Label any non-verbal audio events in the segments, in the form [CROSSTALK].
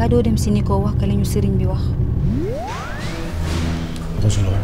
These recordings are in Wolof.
ba do dem si ni ko wax ka li serigne bi wax. ko solo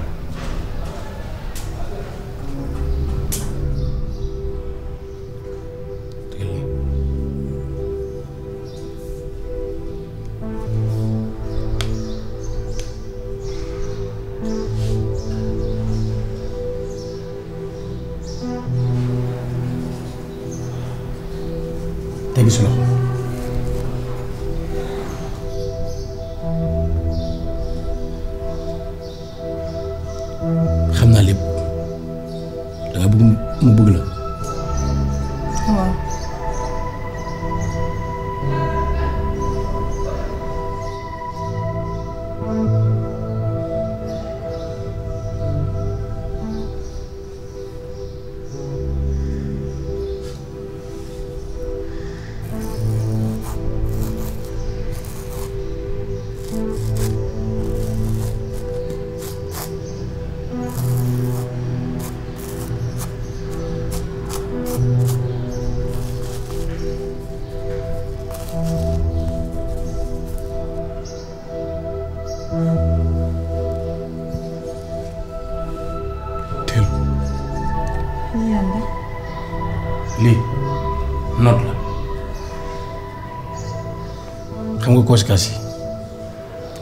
conséquences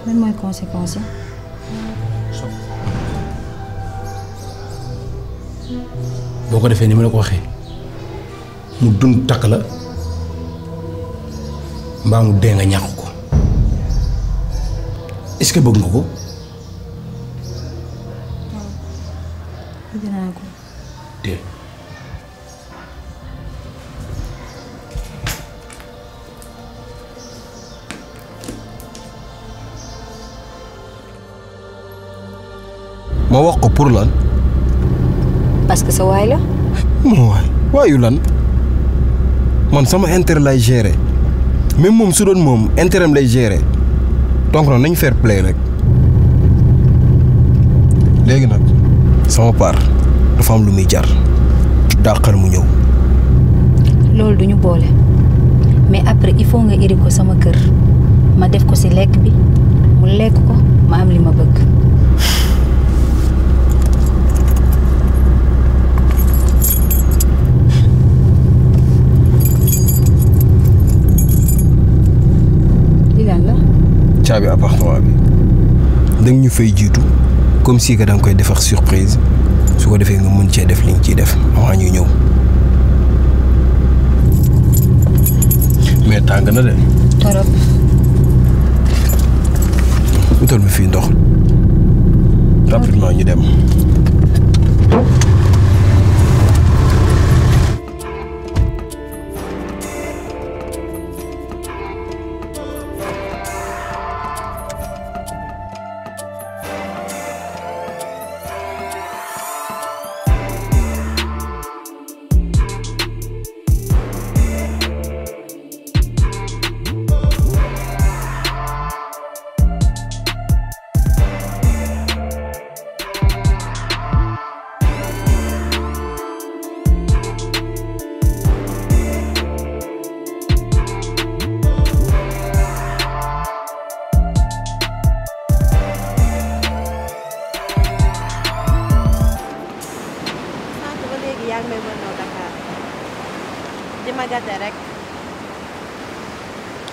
Lan mooy conséquences yi. boo ko defee ni ma la ko waxee mu dund takk la mbaa est-ce ma wax ko pour lan. parce que sa waay la. non waay waayu lan man sama intérêt lay gérer même moom su doon moom intérêt am lay gérer donc nag nañ fair play rek léegi nag sama part dafa am lu muy jar dàqal mu ñëw. loolu duñu boole mais après il faut nga iri ko sama kër ma def ko si lekk bi mu lekk ko ma am li ma bëgg. bi appartement bi. comme si que dang surprise su ko nga mën ci def li def ñu ñew mais tang na de. torop. ndox. rapidement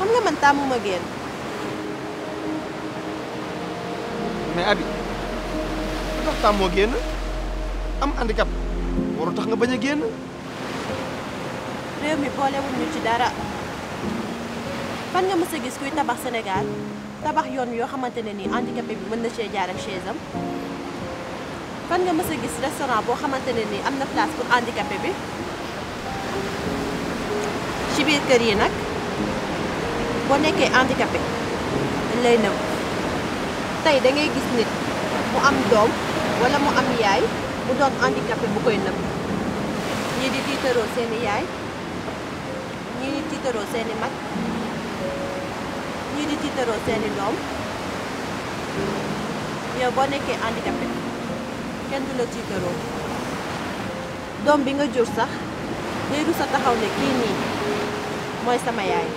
Come lamentar mum again. Mais Abi, lu tax tàmmoo génn am handicap waru tax nga bañ a génn. réew mi boolewul ñu ci dara fan nga mës a gis kuy tabax Sénégal tabax yoon yoo xamante ne nii handicapé bi mën kan na cee jaar ak chaise am nga mës restaurant ne am na place pour handicapé bi ci biir kër yi boo nekkee handicapé dañ lay nëbb tey da ngay gis nit mu am doom wala mu am yaay mu doon handicapé bu koy nëbb ñii di tiitaroo seeni yaay ñii di tiitaroo seeni mag ñii di tiitaroo seeni doom yow boo nekkee handicapé kenn du la tiitaroo doom bi nga jur sax day rus a taxaw ne kii nii mooy sama yaay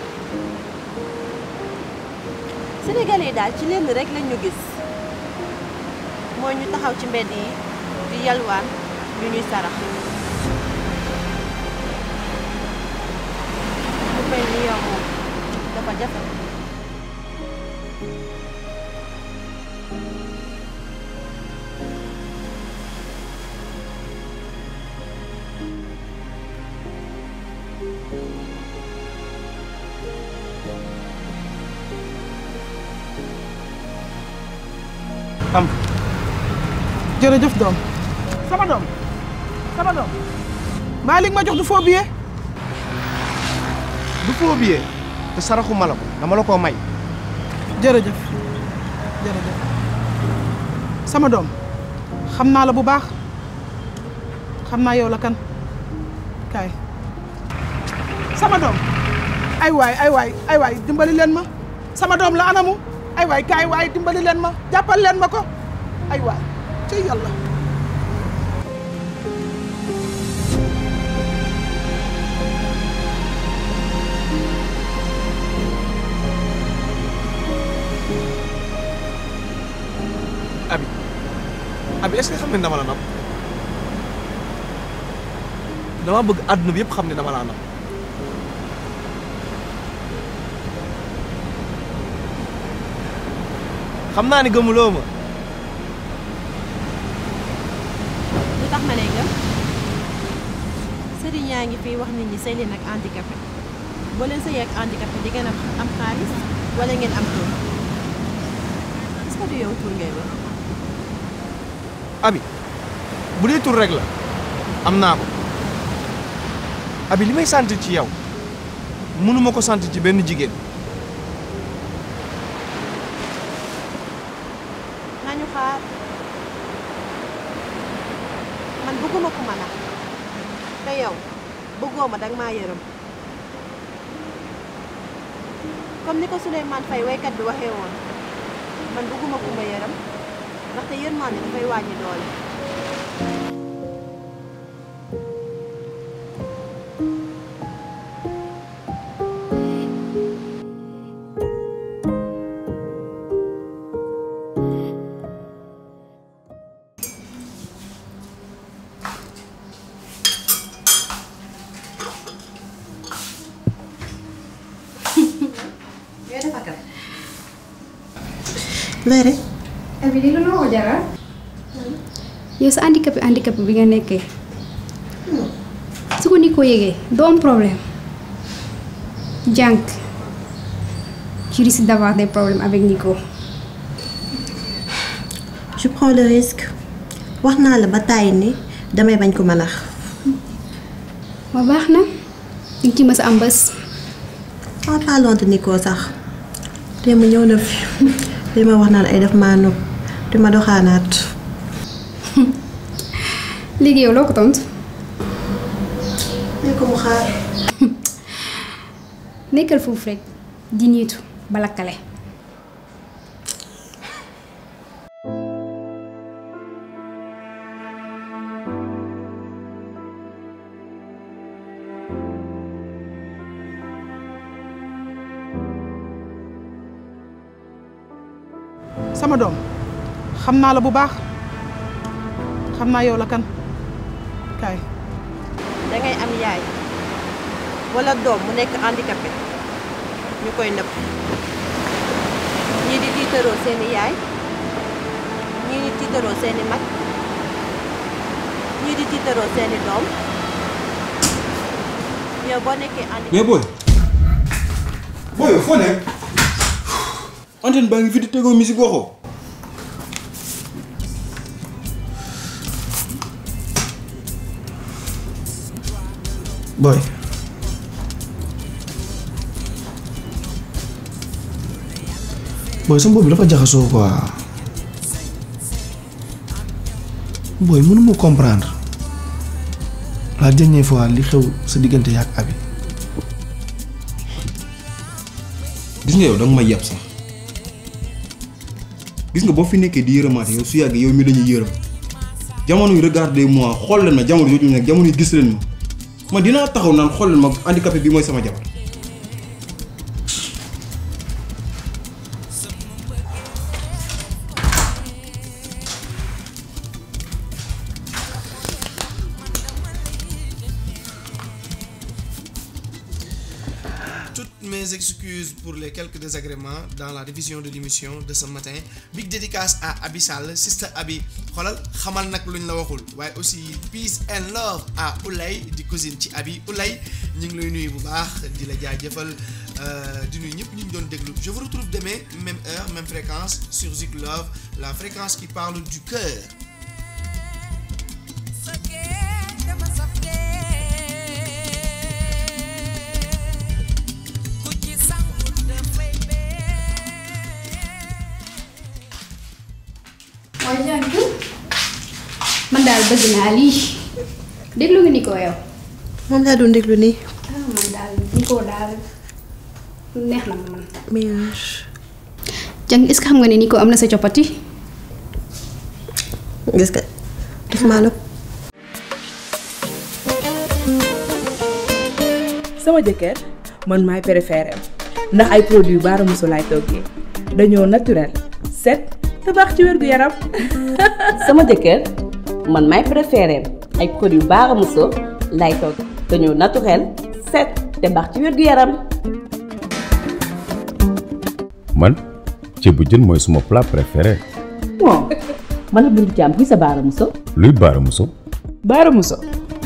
sénégalais yi daal ci lenn rek lañ ñu gis mooy ñu taxaw ci mbedd yi di yalwaan ñu ñuy sarax mu mel yow dafa jërëjëf dom sama dom sama dom malik ma jox du faux billet du faux billet te saraxu ma ko dama la may jërëjëf jërëjëf sama dom xamna la bu baax xamna yow la kan kay sama dom ay way ay way ay way dimbali len ma sama dom la anamu ay way kay way dimbali len ma jappal len mako ay way اوكي يلا ابي ابي ايش اللي يخمن ولا نب لما بقعد نبي بخمن ولا نب xam naa ni gëmuloo ma yaa ngi fii wax nit ñi sëy leen ak handicapé boo leen sëyee ak handicapé di ngeen am xaalis wala ngeen am tur est yow tur ngay wax. abi bu dee tur rek la am naa ko abi li may sant ci yow mënuma ko sant ci benn jigéen. ma danga maa yërëm comme ni ko Souleymane Faye waykat bi waxee woon man bëgguma ku ma yërëm ndaxte yërmande dafay wàññi doole mère. abi lii lu ma ko bi nga nekkee. su ko ni ko yëgee doo am problème. jànk tu risques d'avoir des problèmes avec Nico. je prends le risque wax naa la ba tàyyi ni damay bañ ko malax ba baax na di ci mës am bés. en parlant de Nico sax. ñëw na fi. [LAUGHS] li ma wax naan ay def maa nopp di ma doxaanaat. léegi [LAUGHS] yow loo ko tontu. ne ko mu xaar. [LAUGHS] nekkal foofu rek di niitu bala sama doom xam naa la bu baax xam naa yow la kan kaay. da am yaay wala doom mu nekk handicapé ñu koy nëpp ñii di tiitaroo seeni yaay ñii di tiitaroo seeni mag ñii di tiitaroo seeni doom yow boo nekkee handicapé. mais booy booy foo nekk. antenne baa fi di tego musique waxo boy boy sama boobu dafa jaxaso quoi boy mënu mo comprendre la dernière fois li xew sa digënté yak abi gis nga ya, yow dang may yab sax gis nga boo fi nekkee di yërëmaate yow su yàgg yow mi dañuy yërëm jamono yi regardez moi xool leen ma jamono jooju nag jamono yi gis leen ma man dinaa taxaw naan xool leen ma handicapé bi mooy sama jabar dans la révision de l'émission de ce matin big dédicace à Abissal sister Abi xoolal xamal nak luñ la waxul Way aussi peace and love à Oulay di cousine ci Abi Oulay ñu ngi lay nuyu bu baax di la euh di nuyu ñëpp ñu ngi doon déglu je vous retrouve demain même heure même fréquence sur Zik Love la fréquence qui parle du cœur bëgg naa lii déglu nga ni ko yow. moom laa doon déglu nii. ah man daal ni ko daal neex na xam nga ne ni ko am na sa coppati. gis nga daf maa nëb. sama jëkkër man maay préféré ndax ay produits baara musu laay toggee dañoo naturel set te baax ci wér gu yaram [LAUGHS] sama jëkkër. man may préféré ay produit yu baax a muso lay toog dañoo naturel set te baax ci wér gu yaram. man ceeb bu jën mooy suma plat préféré. bon man la bunt jaam kuy sa baara muso. luy baara muso. baara muso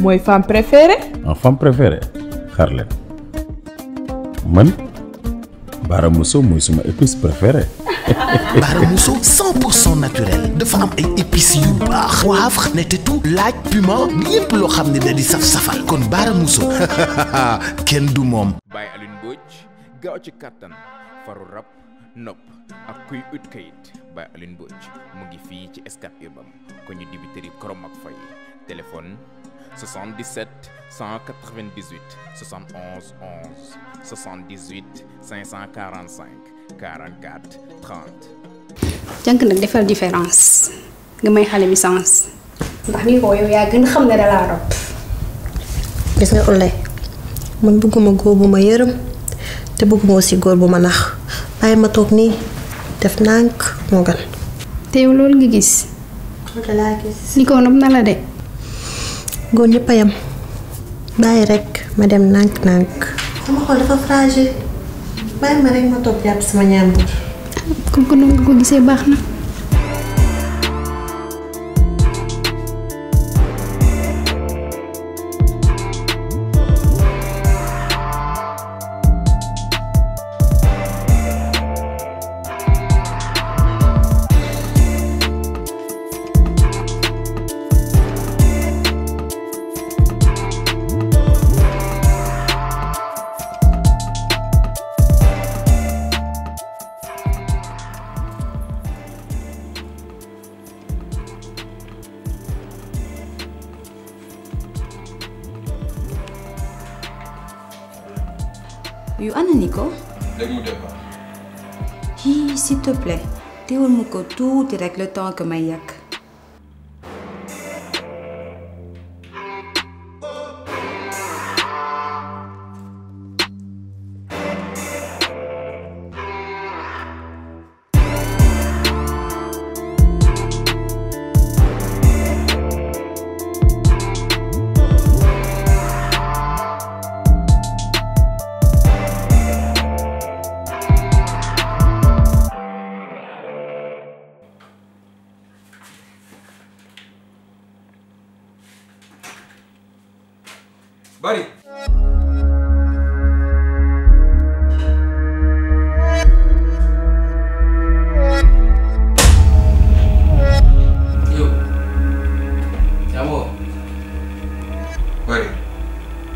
mooy femme préférée. en ah, femme préférée xaar leen man. Bara Mousso mooy suma épice préférée. [LAUGHS] Bara 100% naturel De femme et épice, yu baax. poivre tout, laaj piment lépp loo xam ne da di saf safal kon Bara [LAUGHS] Ken du mom. Baye Alioune Mbodj gaaw ci katan. Faro rap. Nop. ak kuy ut kayit Baye Alioune Mbodj mu ngi fii ci Scat Urbam ko ñu dibiteri Korom ak Faye téléphone. 77 198 71 11 78 545 44 30 jank nak defal différence nga may xalé mi sens ndax ni ko yow ya gën xam ne dalaa rop gis nga ulle man bëgguma góor bu ma yërëm te bëgguma aussi goor bu ma nax bay ma tok ni def nank mo gën te yow lol nga gis ni ko nam na la de góor ñëpp a yem bàyyi rekk ma dem nànk-nànk. sama xol dafa fragile bàyyi ma rek ma topp jàpp sama ñaambur. Ah, comme que nu nga ko gisee baax na. tout avec le temps que Mayak.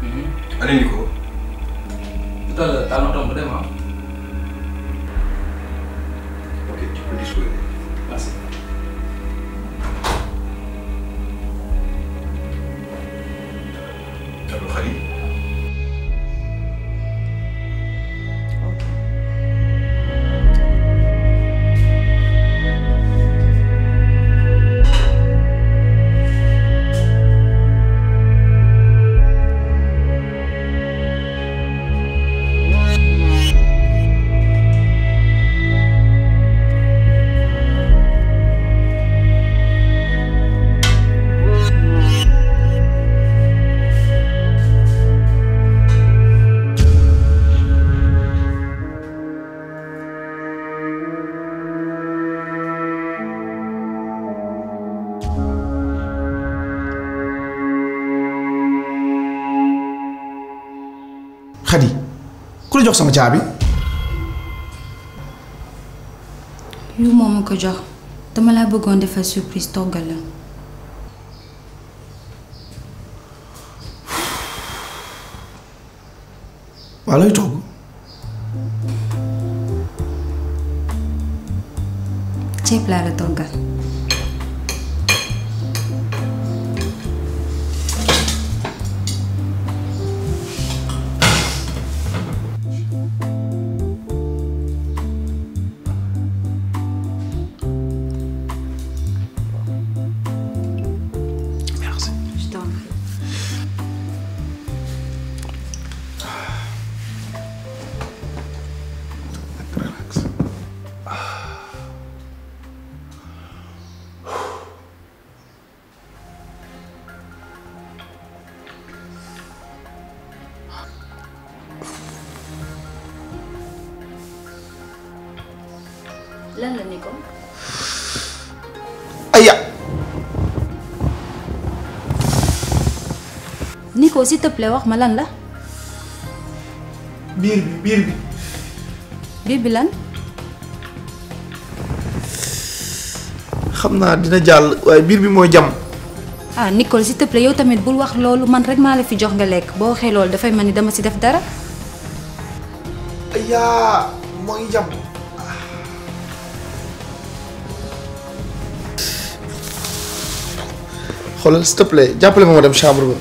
Mhm. Allez Nico. Tout à l'heure, t'as notre vraiment. Ok, tu peux la jox moom ma ko jox dama la bëggoon defal surprise toggal la. waa lay togg. ceeb laa la toggal. ko s'il wax ma lan la. biir bi biir bi. biir bi lan. xam naa dina jàll waaye biir bi mooy jam. ah Nicole s'il te yow tamit bul wax loolu man rek maa la fi jox nga lekk boo waxee dafay mel ni dama si def dara. ayaa moo jam. xoolal s'il te jàppale ma ma dem chambre ba.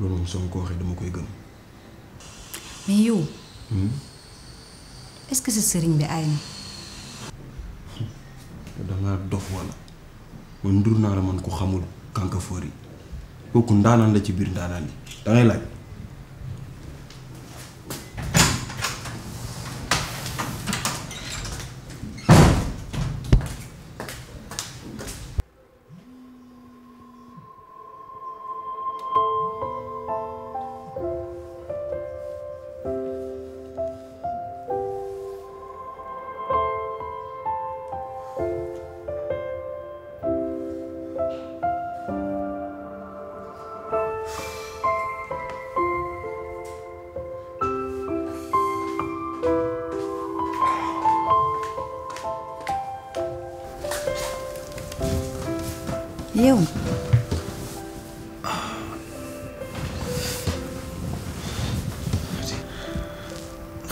loolu moom soo ko waxee dama koy gëm. mais yow. Hmm? est-ce que sa sëriñ bi aay na. dangaa dof wala man ndur naa la man ku xamul kànkafóor yi kooku ndaanaan la ci biir ndaanaan yi dangay laaj.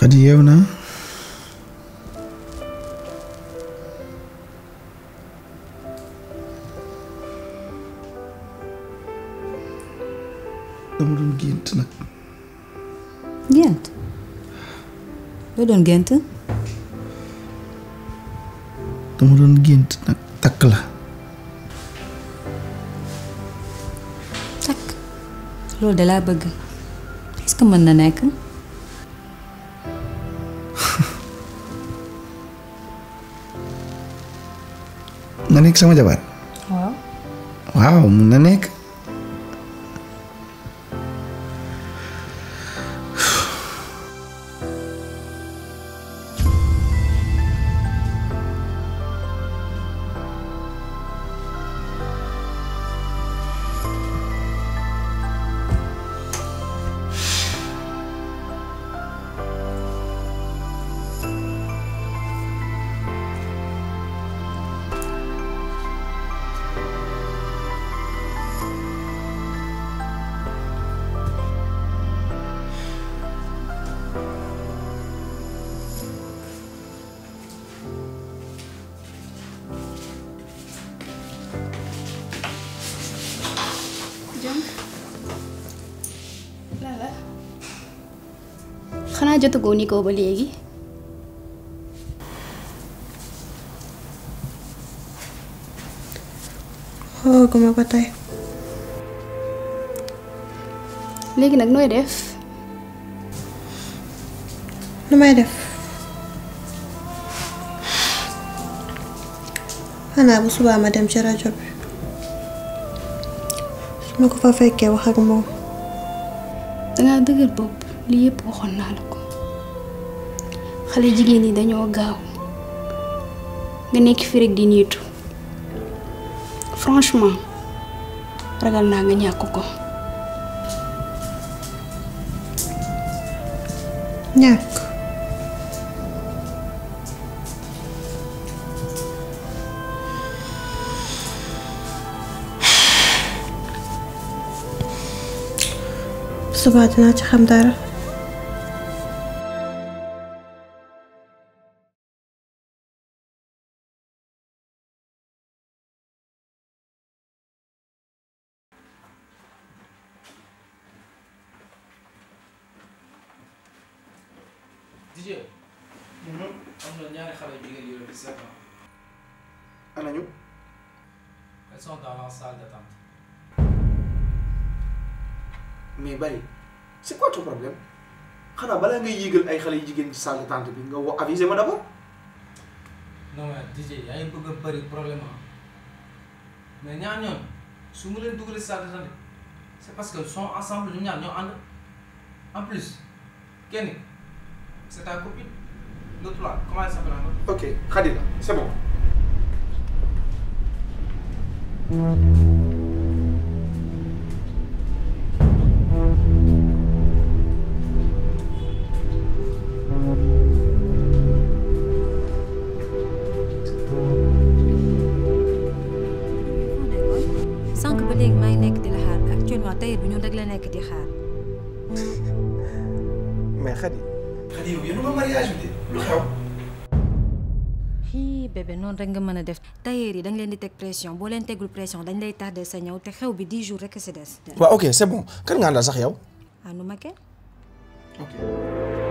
Adieu, né? Waarom begint het? Gent. We doen Gent. Dan doen Gent nak takla. Tak. Lo udah la bag. Is kan na nekk sama jabar. waaw. waaw mun na nekk. guni kau beli lagi? Oh, ya. ya, ya, kau mau patay. Lagi nak nuai edef. Nuai def. edef. Ana abu suba madam chara job. Semua ko fa fake kamu. Tengah Tanga dugil bob liye po lako. xale jigéen ñi dañoo gaaw nga nekk fi rek di niitu franchement ragal naa nga ñàkk ko. ñàkk. [SIGHS] suba dinaa ci xam dara. balaa ngay yéegal ay xale yu jigéen ci salle tente bi nga wax avisé ma d'abord. non mais DJ yaa ngi bëgg a bëri problème ah mais ñaar ñoon su ma leen dugalee salle tente c'est parce que son ensemble ñu ñaar ñoo ànd en plus kenn c'est ta copine l'autre là comment elle s'appelle encore. ok Khadija c'est bon. rek nga mën a def tailleur yi da nga leen di teg pression boo leen tegul pression dañ lay tardé sa ñëw te xew bi 10 jours rek si des. waaw ok c'est bon kan nga àndal sax yow. ah nu ma kenn. ok.